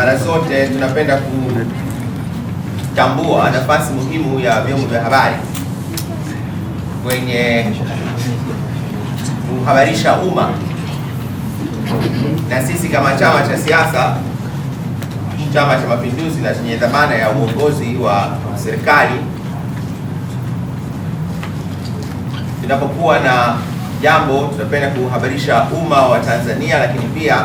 mara zote tunapenda kutambua nafasi muhimu ya vyombo vya habari kwenye kuhabarisha umma, na sisi kama chama cha siasa, Chama cha Mapinduzi, na chenye dhamana ya uongozi wa serikali, tunapokuwa na jambo tunapenda kuhabarisha umma wa Tanzania, lakini pia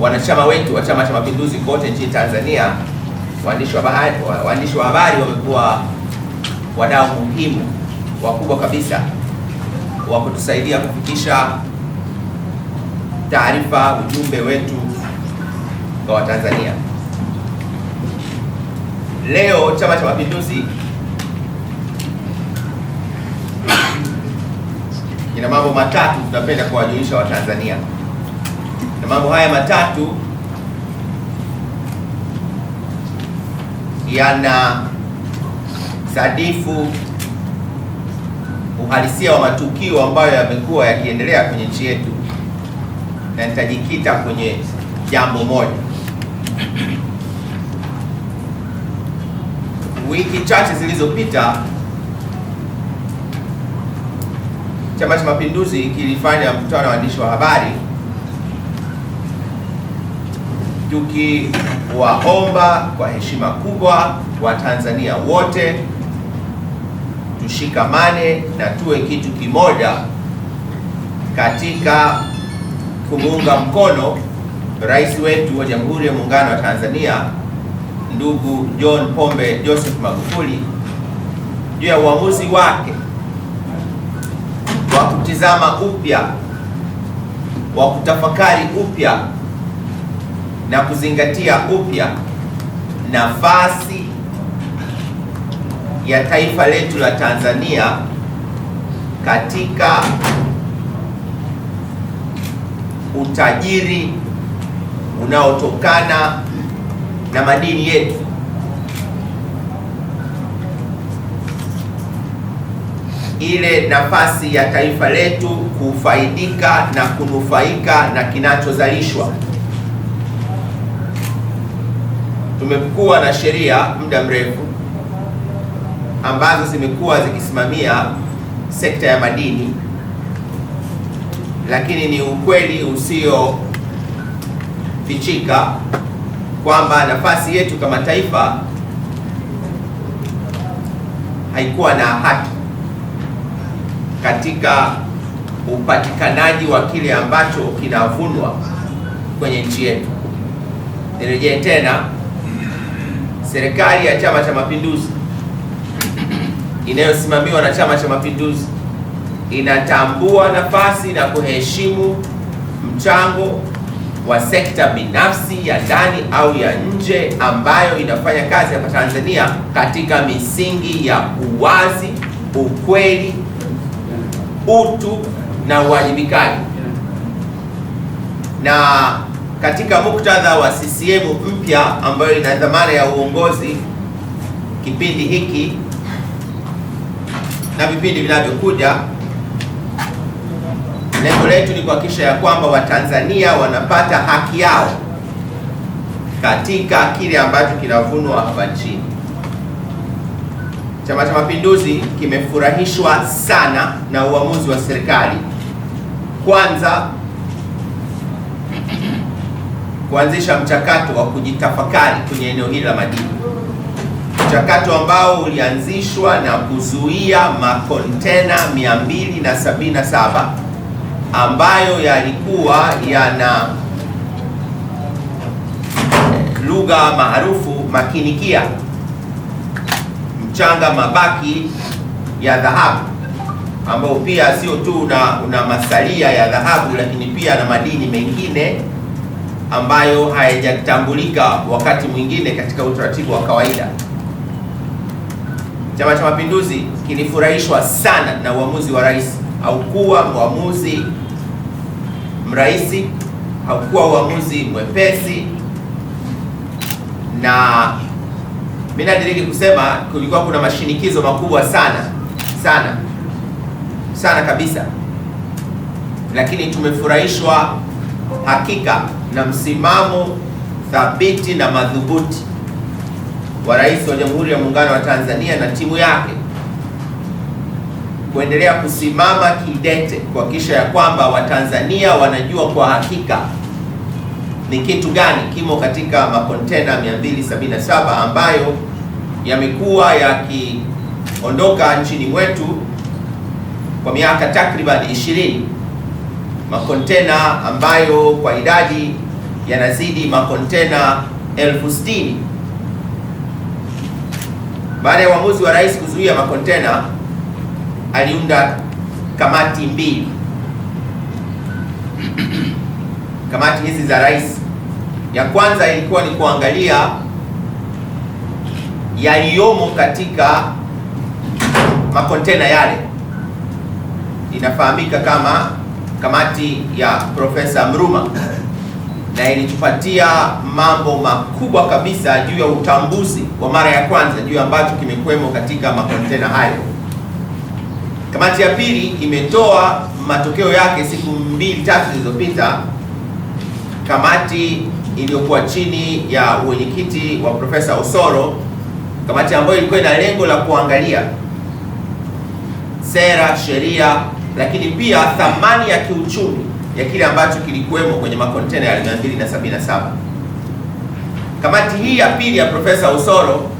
wanachama wetu wa Chama cha Mapinduzi kote nchini Tanzania, waandishi wa habari wamekuwa wadau muhimu wakubwa kabisa wa kutusaidia kufikisha taarifa, ujumbe wetu kwa Watanzania. Leo Chama cha Mapinduzi ina mambo matatu tunapenda kuwajulisha Watanzania na mambo haya matatu yana sadifu uhalisia wa matukio ambayo yamekuwa yakiendelea kwenye nchi yetu, na nitajikita kwenye jambo moja. Wiki chache zilizopita, Chama cha Mapinduzi kilifanya mkutano wa waandishi wa habari tukiwaomba kwa heshima kubwa Watanzania wote tushikamane na tuwe kitu kimoja katika kumuunga mkono rais wetu wa Jamhuri ya Muungano wa Tanzania ndugu John Pombe Joseph Magufuli juu ya uamuzi wake wa kutizama upya, wa kutafakari upya na kuzingatia upya nafasi ya taifa letu la Tanzania katika utajiri unaotokana na madini yetu. Ile nafasi ya taifa letu kufaidika na kunufaika na kinachozalishwa. tumekuwa na sheria muda mrefu ambazo zimekuwa zikisimamia sekta ya madini, lakini ni ukweli usiofichika kwamba nafasi yetu kama taifa haikuwa na haki katika upatikanaji wa kile ambacho kinavunwa kwenye nchi yetu. Nirejee tena serikali ya Chama cha Mapinduzi inayosimamiwa na Chama cha Mapinduzi inatambua nafasi na kuheshimu mchango wa sekta binafsi ya ndani au ya nje ambayo inafanya kazi hapa Tanzania katika misingi ya uwazi, ukweli, utu na uwajibikaji na katika muktadha wa CCM mpya ambayo ina dhamana ya uongozi kipindi hiki na vipindi vinavyokuja, lengo letu ni kuhakikisha ya kwamba Watanzania wanapata haki yao katika kile ambacho kinavunwa hapa nchini. Chama cha Mapinduzi kimefurahishwa sana na uamuzi wa serikali kwanza kuanzisha mchakato wa kujitafakari kwenye eneo hili la madini, mchakato ambao ulianzishwa na kuzuia makontena 277 ambayo yalikuwa yana lugha maarufu makinikia, mchanga mabaki ya dhahabu ambao pia sio tu una, una masalia ya dhahabu lakini pia na madini mengine ambayo haijatambulika wakati mwingine katika utaratibu wa kawaida. Chama cha Mapinduzi kilifurahishwa sana na uamuzi wa rais. Haukuwa uamuzi mrahisi, haukuwa uamuzi mwepesi, na mimi nadiriki kusema kulikuwa kuna mashinikizo makubwa sana sana sana kabisa, lakini tumefurahishwa hakika na msimamo thabiti na madhubuti wa Rais wa Jamhuri ya Muungano wa Tanzania na timu yake kuendelea kusimama kidete kuhakikisha ya kwamba Watanzania wanajua kwa hakika ni kitu gani kimo katika makontena 277 ambayo yamekuwa yakiondoka nchini mwetu kwa miaka takribani 20 makontena ambayo kwa idadi yanazidi makontena elfu sitini. Baada ya uamuzi wa rais kuzuia makontena, aliunda kamati mbili. Kamati hizi za rais, ya kwanza ilikuwa ni kuangalia yaliyomo katika makontena yale, inafahamika kama kamati ya Profesa Mruma na ilitupatia mambo makubwa kabisa juu ya utambuzi wa mara ya kwanza juu ambacho kimekwemo katika makontena hayo. Kamati ya pili imetoa matokeo yake siku mbili tatu zilizopita. Kamati iliyokuwa chini ya uwenyekiti wa Profesa Osoro, kamati ambayo ilikuwa ina lengo la kuangalia sera, sheria lakini pia thamani ya kiuchumi ya kile ambacho kilikuwemo kwenye makontena ya 277. Kamati hii ya pili ya Profesa Usoro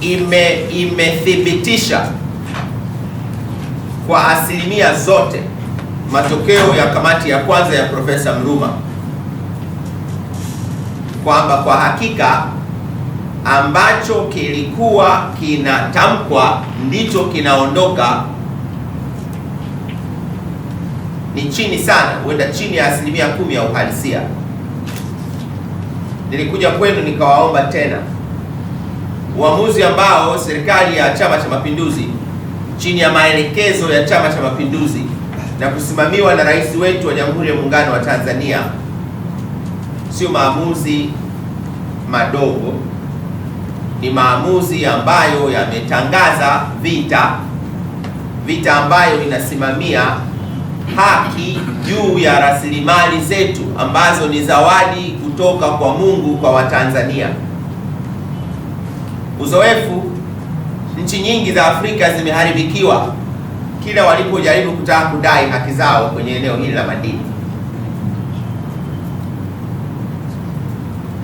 ime imethibitisha kwa asilimia zote matokeo ya kamati ya kwanza ya Profesa Mruma kwamba kwa hakika ambacho kilikuwa kinatamkwa ndicho kinaondoka ni chini sana, huenda chini ya asilimia kumi ya uhalisia. Nilikuja kwenu nikawaomba tena uamuzi ambao serikali ya Chama cha Mapinduzi chini ya maelekezo ya Chama cha Mapinduzi na kusimamiwa na rais wetu wa Jamhuri ya Muungano wa Tanzania sio maamuzi madogo, ni maamuzi ambayo yametangaza vita, vita ambayo inasimamia haki juu ya rasilimali zetu ambazo ni zawadi kutoka kwa Mungu kwa Watanzania. Uzoefu, nchi nyingi za Afrika zimeharibikiwa kila walipojaribu kutaka kudai haki zao kwenye eneo hili la madini.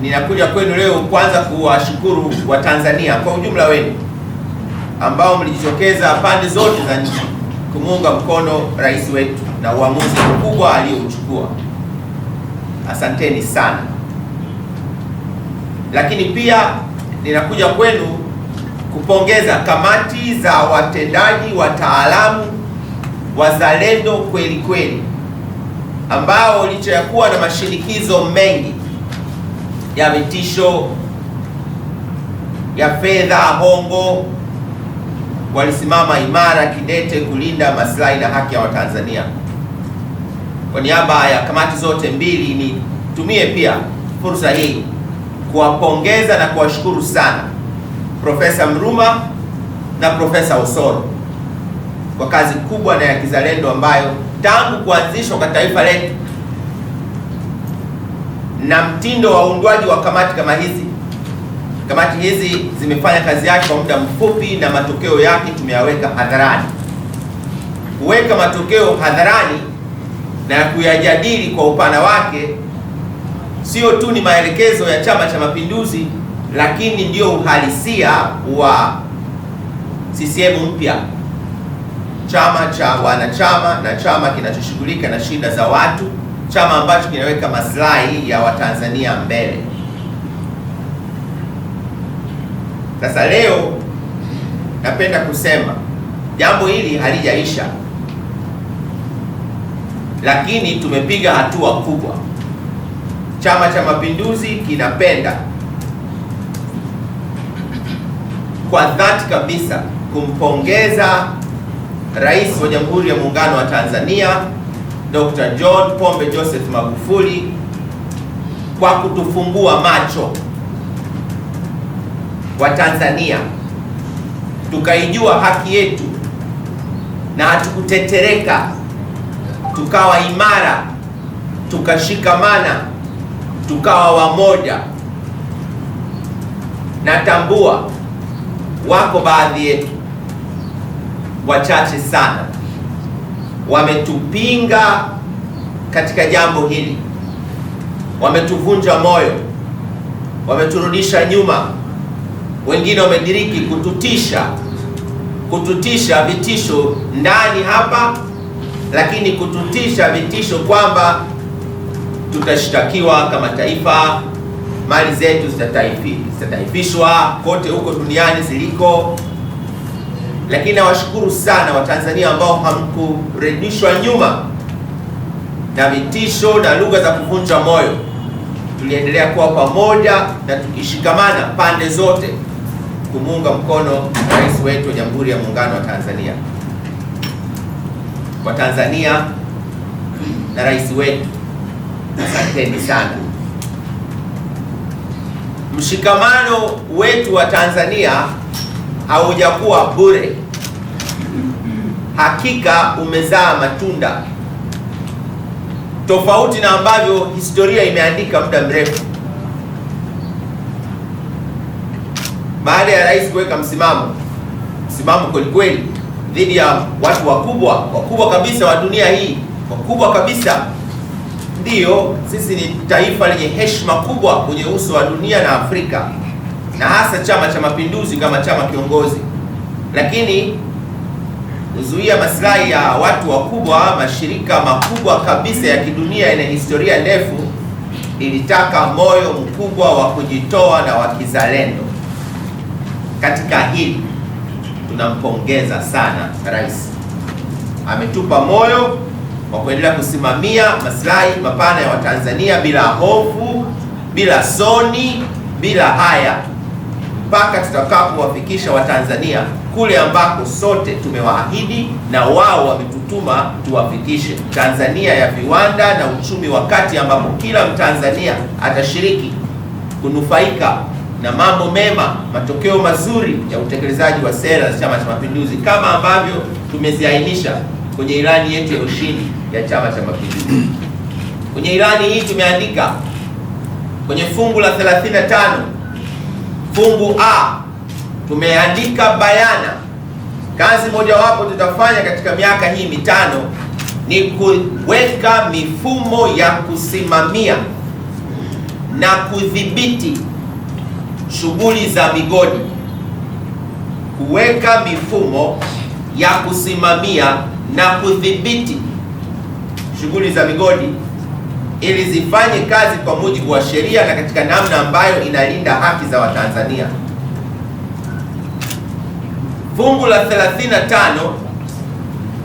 Ninakuja kwenu leo kwanza kuwashukuru Watanzania kwa ujumla wenu ambao mlijitokeza pande zote za nchi kumuunga mkono rais wetu na uamuzi mkubwa aliyouchukua. Asanteni sana. Lakini pia ninakuja kwenu kupongeza kamati za watendaji, wataalamu wazalendo kweli kweli, ambao licha ya kuwa na mashinikizo mengi ya vitisho ya fedha, hongo, walisimama imara kidete kulinda maslahi na haki ya Watanzania. Kwa niaba ya kamati zote mbili, nitumie pia fursa hii kuwapongeza na kuwashukuru sana Profesa Mruma na Profesa Osoro kwa kazi kubwa na ya kizalendo ambayo tangu kuanzishwa kwa taifa letu na mtindo wa uundwaji wa kamati kama hizi kamati hizi zimefanya kazi yake kwa muda mfupi, na matokeo yake tumeyaweka hadharani. Kuweka matokeo hadharani na kuyajadili kwa upana wake, sio tu ni maelekezo ya Chama cha Mapinduzi, lakini ndio uhalisia wa CCM mpya, chama cha wanachama na chama kinachoshughulika na shida za watu, chama ambacho kinaweka maslahi ya Watanzania mbele. Sasa leo napenda kusema jambo hili halijaisha lakini tumepiga hatua kubwa. Chama cha Mapinduzi kinapenda kwa dhati kabisa kumpongeza Rais wa Jamhuri ya Muungano wa Tanzania Dr. John Pombe Joseph Magufuli kwa kutufungua macho wa Tanzania tukaijua haki yetu na hatukutetereka tukawa imara, tukashikamana, tukawa wamoja. Natambua wako baadhi yetu wachache sana wametupinga katika jambo hili, wametuvunja moyo, wameturudisha nyuma, wengine wamediriki kututisha, kututisha vitisho ndani hapa lakini kututisha vitisho kwamba tutashtakiwa kama taifa, mali zetu zitataifishwa kote huko duniani ziliko. Lakini nawashukuru sana Watanzania ambao hamkurejishwa nyuma na vitisho na lugha za kuvunja moyo. Tuliendelea kuwa pamoja na tukishikamana pande zote kumuunga mkono rais wetu wa Jamhuri ya Muungano wa Tanzania kwa Tanzania na rais wetu. Asanteni sana. Mshikamano wetu wa Tanzania haujakuwa bure, hakika umezaa matunda, tofauti na ambavyo historia imeandika muda mrefu. Baada ya rais kuweka msimamo msimamo kwelikweli dhidi ya watu wakubwa wakubwa kabisa wa dunia hii, wakubwa kabisa. Ndiyo, sisi ni taifa lenye heshima kubwa kwenye uso wa dunia na Afrika, na hasa Chama cha Mapinduzi kama chama kiongozi, lakini kuzuia maslahi ya watu wakubwa, mashirika makubwa kabisa ya kidunia yenye historia ndefu ilitaka moyo mkubwa wa kujitoa na wa kizalendo katika hili tunampongeza sana rais, ametupa moyo wa kuendelea kusimamia maslahi mapana ya Watanzania bila hofu, bila soni, bila haya, mpaka tutakapowafikisha Watanzania kule ambako sote tumewaahidi na wao wametutuma tuwafikishe, Tanzania ya viwanda na uchumi wa kati, ambapo kila Mtanzania atashiriki kunufaika na mambo mema, matokeo mazuri ya utekelezaji wa sera za Chama cha Mapinduzi kama ambavyo tumeziainisha kwenye ilani yetu ya ushindi ya Chama cha Mapinduzi. Kwenye ilani hii tumeandika kwenye fungu la 35 fungu A tumeandika bayana, kazi mojawapo tutafanya katika miaka hii mitano ni kuweka mifumo ya kusimamia na kudhibiti shughuli za migodi, kuweka mifumo ya kusimamia na kudhibiti shughuli za migodi ili zifanye kazi kwa mujibu wa sheria na katika namna ambayo inalinda haki za Watanzania. Fungu la 35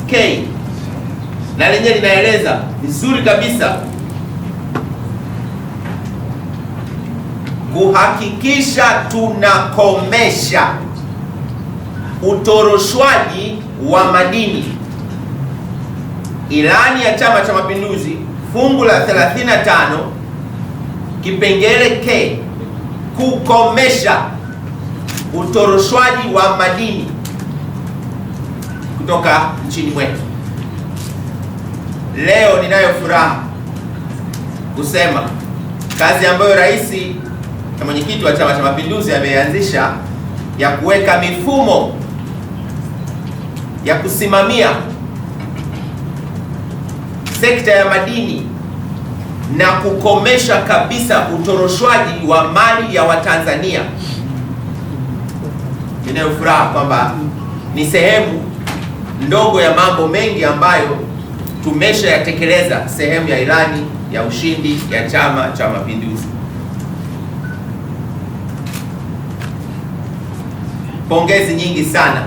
K na lenyewe linaeleza vizuri kabisa kuhakikisha tunakomesha utoroshwaji wa madini. Ilani ya Chama cha Mapinduzi fungu la 35 kipengele K, kukomesha utoroshwaji wa madini kutoka nchini mwetu. Leo ninayo furaha kusema kazi ambayo Rais na mwenyekiti wa Chama cha Mapinduzi ameanzisha ya kuweka mifumo ya kusimamia sekta ya madini na kukomesha kabisa utoroshwaji wa mali ya Watanzania. Ninayo furaha kwamba ni sehemu ndogo ya mambo mengi ambayo tumeshayatekeleza sehemu ya ilani ya ushindi ya Chama cha Mapinduzi. pongezi nyingi sana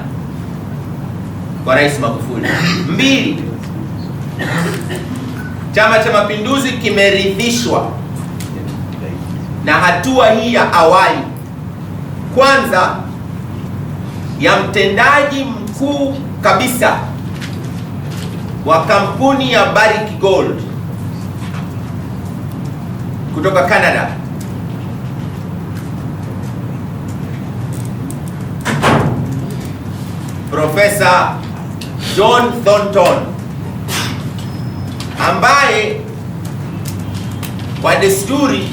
kwa Rais Magufuli. Mbili, Chama cha Mapinduzi kimeridhishwa na hatua hii ya awali kwanza ya mtendaji mkuu kabisa wa kampuni ya Barrick Gold kutoka Canada Profesa John Thornton ambaye kwa desturi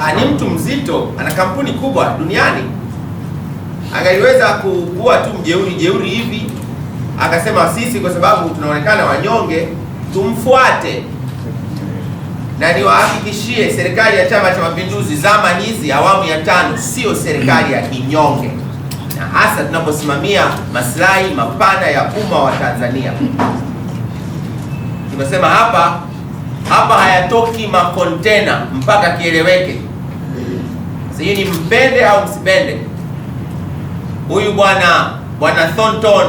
ah, ni mtu mzito, ana kampuni kubwa duniani. Angaliweza kukua tu mjeuri jeuri hivi, akasema sisi kwa sababu tunaonekana wanyonge tumfuate, na niwahakikishie serikali ya Chama cha Mapinduzi zama hizi awamu ya tano sio serikali ya kinyonge na hasa tunaposimamia maslahi mapana ya umma wa Tanzania. Tunasema hapa hapa hayatoki makontena mpaka kieleweke. Sijui ni mpende au msipende, huyu bwana bwana Thornton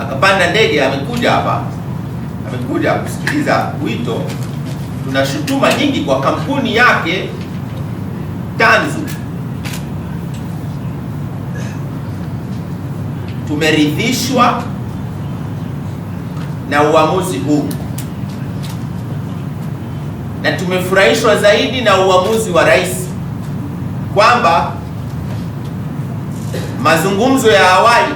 akapanda ndege, amekuja hapa, amekuja kusikiliza wito. Tuna shutuma nyingi kwa kampuni yake tanzu tumeridhishwa na uamuzi huu na tumefurahishwa zaidi na uamuzi wa rais kwamba mazungumzo ya awali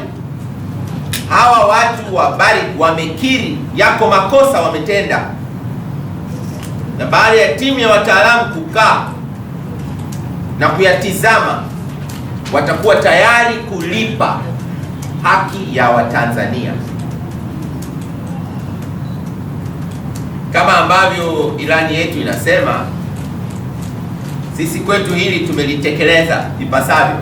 hawa watu wa Barrick wamekiri yako makosa wametenda, na baada ya timu ya wataalamu kukaa na kuyatizama, watakuwa tayari kulipa haki ya Watanzania kama ambavyo ilani yetu inasema. Sisi kwetu hili tumelitekeleza ipasavyo.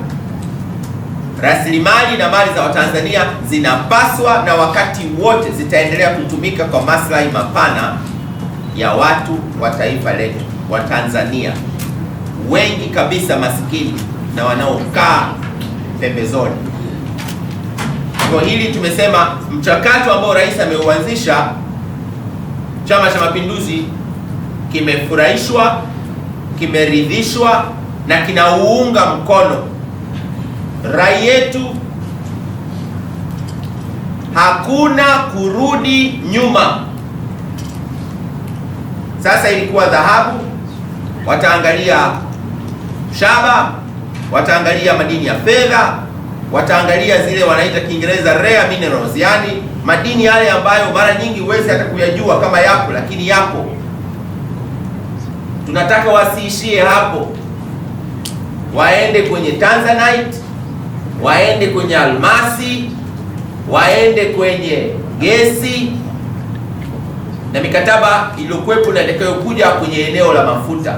Rasilimali na mali za Watanzania zinapaswa na wakati wote zitaendelea kutumika kwa maslahi mapana ya watu wa taifa letu, Watanzania wengi kabisa masikini na wanaokaa pembezoni kwa hili tumesema mchakato ambao rais ameuanzisha, Chama cha Mapinduzi kimefurahishwa, kimeridhishwa na kinauunga mkono. Rai yetu hakuna kurudi nyuma. Sasa ilikuwa dhahabu, wataangalia shaba, wataangalia madini ya fedha wataangalia zile wanaita Kiingereza rare minerals, yani madini yale ambayo mara nyingi huwezi hata kuyajua kama yapo, lakini yapo. Tunataka wasiishie hapo, waende kwenye tanzanite, waende kwenye almasi, waende kwenye gesi na mikataba iliyokuwepo na itakayokuja kwenye eneo la mafuta.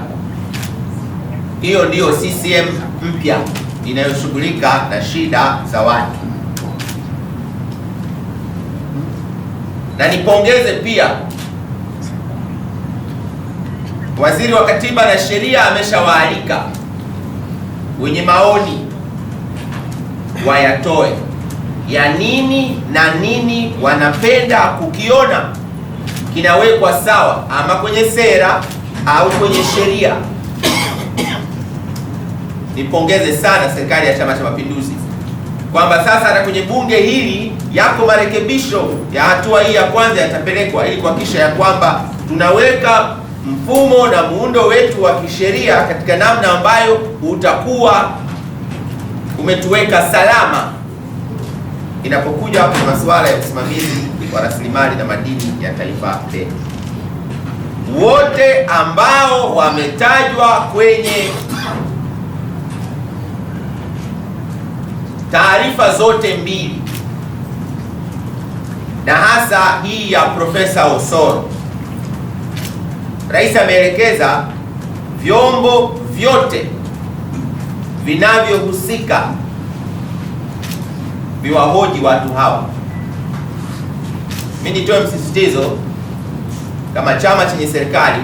Hiyo ndiyo CCM mpya inayoshughulika na shida za watu, na nipongeze pia waziri wa Katiba na Sheria ameshawaalika wenye maoni wayatoe ya nini na nini wanapenda kukiona kinawekwa sawa, ama kwenye sera au kwenye sheria nipongeze sana serikali ya Chama cha Mapinduzi kwamba sasa hata kwenye bunge hili yako marekebisho ya hatua hii ya kwanza yatapelekwa ili kuhakikisha ya kwamba tunaweka mfumo na muundo wetu wa kisheria katika namna ambayo utakuwa umetuweka salama inapokuja kwenye masuala ya usimamizi wa rasilimali na madini ya taifa letu. Wote ambao wametajwa kwenye taarifa zote mbili na hasa hii ya Profesa Osoro. Rais ameelekeza vyombo vyote vinavyohusika viwahoji watu hawa. Mimi nitoe msisitizo kama chama chenye serikali,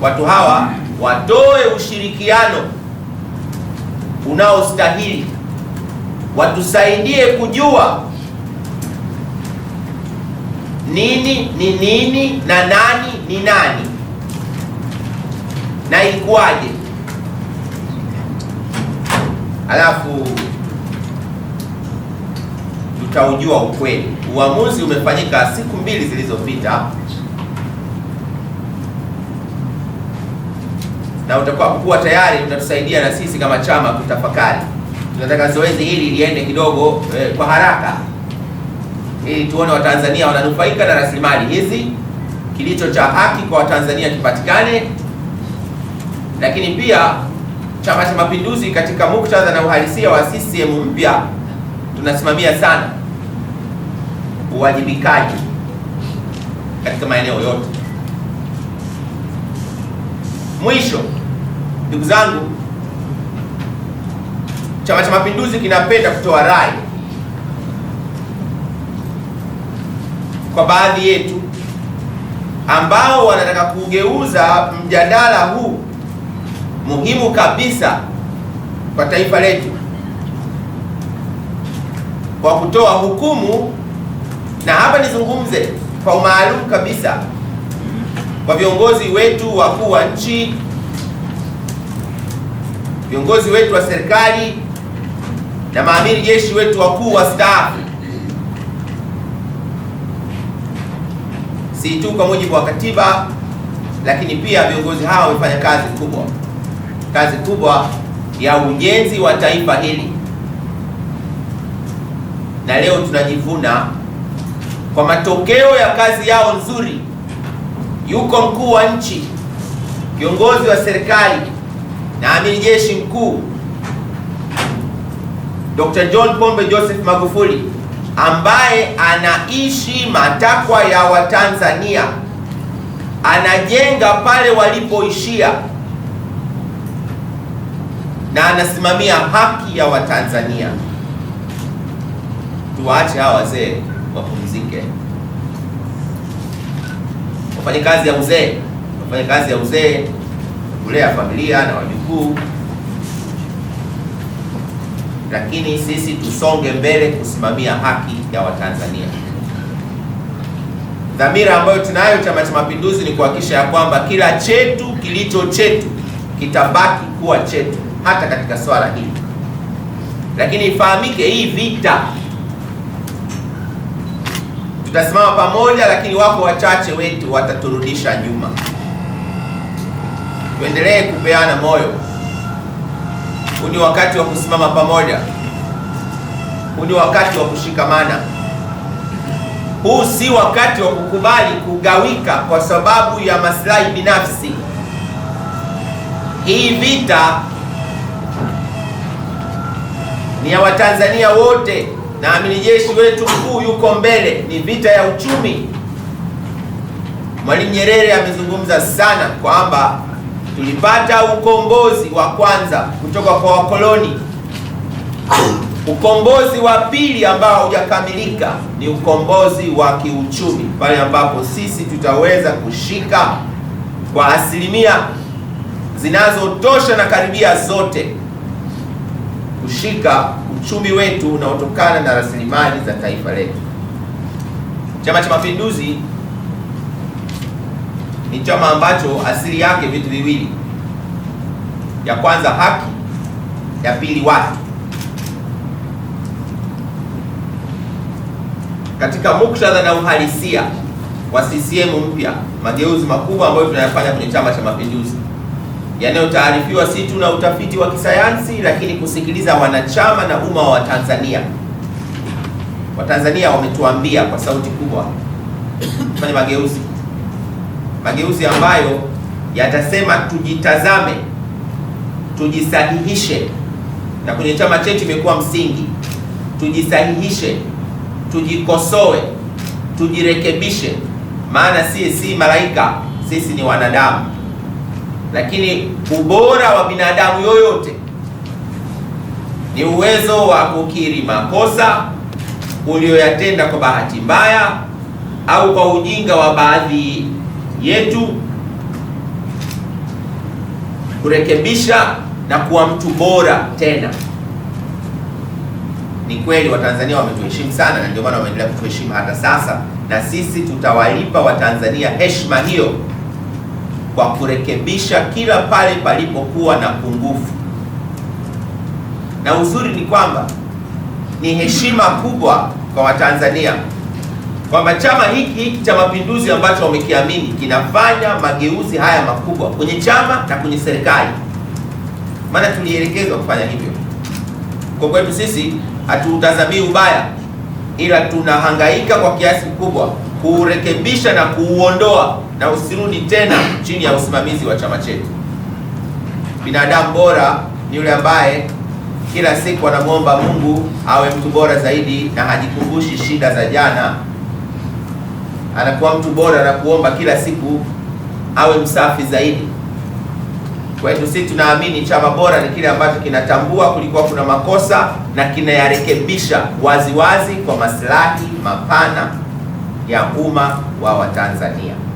watu hawa watoe ushirikiano unaostahili watusaidie kujua nini ni nini na nani ni nani na ikuwaje. Alafu tutaujua ukweli. Uamuzi umefanyika siku mbili zilizopita, na utakuwa kuwa tayari utatusaidia na sisi kama chama kutafakari tunataka zoezi hili liende kidogo eh, kwa haraka ili tuone Watanzania wananufaika na rasilimali hizi, kilicho cha haki kwa Watanzania kipatikane. Lakini pia Chama cha Mapinduzi katika muktadha na uhalisia wa CCM mpya tunasimamia sana uwajibikaji katika maeneo yote. Mwisho ndugu zangu Chama cha Mapinduzi kinapenda kutoa rai kwa baadhi yetu ambao wanataka kugeuza mjadala huu muhimu kabisa kwa taifa letu kwa kutoa hukumu, na hapa nizungumze kwa umaalumu kabisa kwa viongozi wetu wakuu wa nchi, viongozi wetu wa serikali na maamiri jeshi wetu wakuu wastaafu, si tu kwa mujibu wa katiba, lakini pia viongozi hawa wamefanya kazi kubwa, kazi kubwa ya ujenzi wa taifa hili, na leo tunajivuna kwa matokeo ya kazi yao nzuri. Yuko mkuu wa nchi, kiongozi wa serikali na amiri jeshi mkuu Dr. John Pombe Joseph Magufuli ambaye anaishi matakwa ya Watanzania, anajenga pale walipoishia na anasimamia haki ya Watanzania. Tuwaache hawa wazee wapumzike, wafanye kazi ya uzee, wafanye kazi ya uzee, kulea familia na wajukuu lakini sisi tusonge mbele kusimamia haki ya Watanzania. Dhamira ambayo tunayo Chama cha Mapinduzi ni kuhakikisha ya kwamba kila chetu kilicho chetu kitabaki kuwa chetu hata katika swala hili. Lakini ifahamike, hii vita tutasimama pamoja, lakini wako wachache wetu wataturudisha nyuma. Tuendelee kupeana moyo huu ni wakati wa kusimama pamoja, huu ni wakati wa kushikamana. Huu si wakati wa kukubali kugawika kwa sababu ya maslahi binafsi. Hii vita ni ya Watanzania wote na amini jeshi wetu mkuu yuko mbele. Ni vita ya uchumi. Mwalimu Nyerere amezungumza sana kwamba tulipata ukombozi wa kwanza kutoka kwa wakoloni. Ukombozi wa pili ambao hujakamilika ni ukombozi wa kiuchumi, pale ambapo sisi tutaweza kushika kwa asilimia zinazotosha na karibia zote kushika uchumi wetu unaotokana na rasilimali za taifa letu. Chama cha Mapinduzi ni chama ambacho asili yake vitu viwili, ya kwanza haki, ya pili watu. Katika muktadha na uhalisia wa CCM mpya, mageuzi makubwa ambayo tunayafanya kwenye Chama cha Mapinduzi yanayotaarifiwa si tu na utafiti wa kisayansi, lakini kusikiliza wanachama na umma wa tanzania Watanzania wametuambia kwa sauti kubwa, kufanya mageuzi mageuzi ambayo yatasema tujitazame, tujisahihishe, na kwenye chama chetu imekuwa msingi, tujisahihishe, tujikosoe, tujirekebishe, maana sisi si malaika, sisi ni wanadamu. Lakini ubora wa binadamu yoyote ni uwezo wa kukiri makosa ulioyatenda kwa bahati mbaya au kwa ujinga wa baadhi yetu kurekebisha na kuwa mtu bora tena. Ni kweli Watanzania wametuheshimu sana, na ndio maana wameendelea kutuheshimu hata sasa, na sisi tutawalipa Watanzania heshima hiyo kwa kurekebisha kila pale palipokuwa na pungufu. Na uzuri ni kwamba ni heshima kubwa kwa Watanzania kwamba chama hiki hiki cha mapinduzi ambacho wamekiamini kinafanya mageuzi haya makubwa kwenye chama na kwenye serikali, maana tulielekezwa kufanya hivyo. Kwa kwetu sisi hatuutazamii ubaya, ila tunahangaika kwa kiasi kikubwa kuurekebisha na kuuondoa na usirudi tena chini ya usimamizi wa chama chetu. Binadamu bora ni yule ambaye kila siku anamwomba Mungu awe mtu bora zaidi na hajikumbushi shida za jana anakuwa mtu bora na kuomba kila siku awe msafi zaidi. Kwa hiyo sisi tunaamini chama bora ni kile ambacho kinatambua kulikuwa kuna makosa na kinayarekebisha waziwazi kwa maslahi mapana ya umma wa Watanzania.